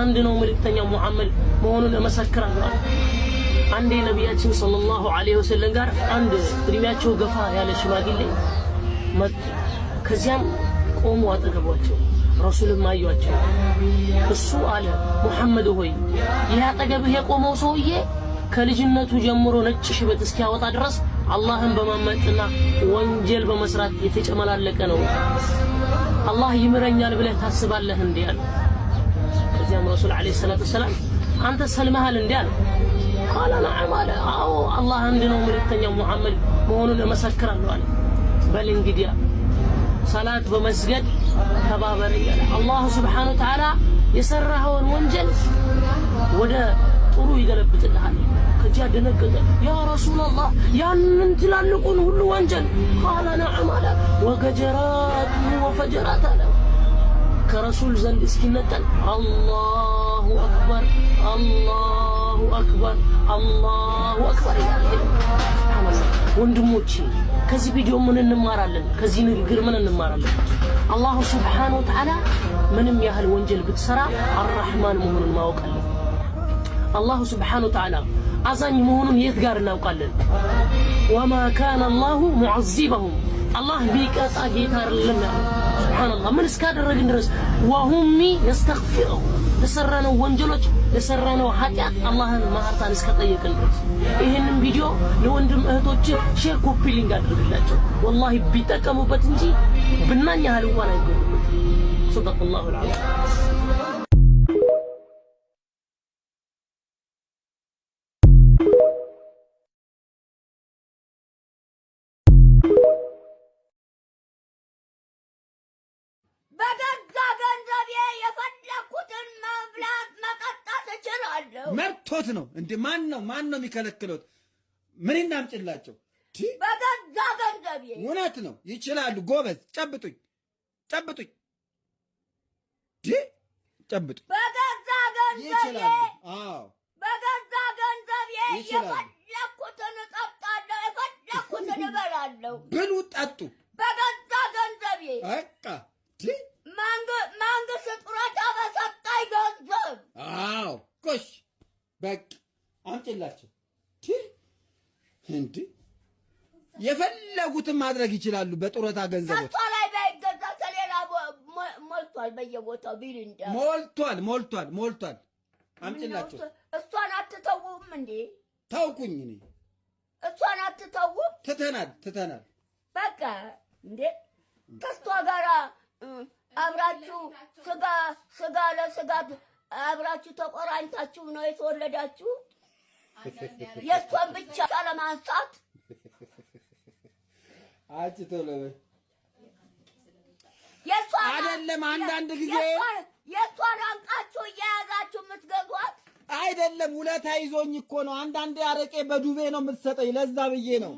አንድ ነው መልእክተኛው ሙሐመድ መሆኑን እመሰክራለሁ። አንዴ ነቢያችን ሰለላሁ ዐለይሂ ወሰለም ጋር አንድ እድሜያቸው ገፋ ያለ ሽማግሌ መጡ። ከዚያም ቆሙ አጠገቧቸው። ረሱልም አዩአቸው። እሱ አለ ሙሐመድ ሆይ ይህ አጠገብህ የቆመው ሰውዬ ከልጅነቱ ጀምሮ ነጭ ሽበት እስኪያወጣ ድረስ አላህን በማመጥና ወንጀል በመስራት የተጨመላለቀ ነው። አላህ ይምረኛል ብለህ ታስባለህ እንዴ? አለ ከዚያም ረሱል ዓለይሂ ሰላቱ ወሰላም አንተ ሰልመሃል እንዲ አለ። ቃለ ነዓም አለ። አዎ አላህ አንድ ነው፣ መልእክተኛው ሙሐመድ መሆኑን እመሰክራለሁ አለ። በል እንግዲያ ሰላት በመስገድ ተባበር እያለ አላሁ ስብሓነ ወተዓላ የሰራኸውን ወንጀል ወደ ጥሩ ይገለብጥልሃል። ከዚያ ደነገጠ። ያ ረሱላላህ ያንን ትላልቁን ሁሉ ወንጀል ቃለ ነዓም አለ። ወገጀራት ወፈጀራት አለ ከረሱል ዘንድ እስኪነጠል አላሁ አክበር አላሁ አክበር አላሁ አክበር ወንድሞቼ ከዚህ ቪዲዮ ምን እንማራለን? ከዚህ ንግግር ምን እንማራለን? አላሁ ስብሓነ ወተዓላ ምንም ያህል ወንጀል ብትሰራ አራህማን መሆኑን ማወቃለን። አላሁ ስብሓነ ወተዓላ አዛኝ መሆኑን የት ጋር እናውቃለን? ወማ ካነ አላሁ ሙዓዚበሁም አላህ ቢቀጣ ጌታ አይደለም ያለው። ሱብሃነላህ ምን እስካደረግን ድረስ ዋሁሚ የስተግፊሩ ለሰራነው ወንጀሎች ለሰራነው ኃጢአት አላህን ማህርታን እስከጠየቅን ድረስ። ይህንን ቪዲዮ ለወንድም እህቶች ሼር፣ ኮፒ ሊንክ አድርግላቸው። ወላሂ ቢጠቀሙበት እንጂ ብናኝ ያህል እንኳን አይጎዱበት። ሰደቀላሁ ልዓዚም መርቶት ነው እንዴ? ማን ነው ማን ነው የሚከለክሉት? ምን እናምጭላቸው? በገዛ ገንዘብ እውነት ነው ይችላሉ። ጎበዝ ጨብጡኝ፣ ጨብጡኝ፣ ጨብጡኝ። በገዛ ገንዘብ በገዛ ገንዘብ የፈለኩትን እጠጣለሁ፣ የፈለኩትን እበላለሁ። ብሉ ጠጡ አምጭላቸው እንዴ የፈለጉትን ማድረግ ይችላሉ። በጡረታ ገንዘብ ሞልቷል፣ ሞልቷል፣ ሞልቷል፣ ሞልቷል። እሷን አትተውም እንዴ? ታውቁኝ እኔ እሷን አትተውም። ትተናል፣ ትተናል። በቃ እንዴ ከእሷ ጋር አብራችሁ ስጋ ስጋ ለስጋ አብራችሁ ተቆራኝታችሁ ነው የተወለዳችሁ። የእሷን ብቻ ለማንሳት አጭተው ለበ አይደለም። አንዳንድ ጊዜ የእሷን አንቃችሁ እየያዛችሁ የምትገዟት አይደለም። ውለታ ይዞኝ እኮ ነው። አንዳንዴ አረቄ በዱቤ ነው የምትሰጠኝ። ለዛ ብዬ ነው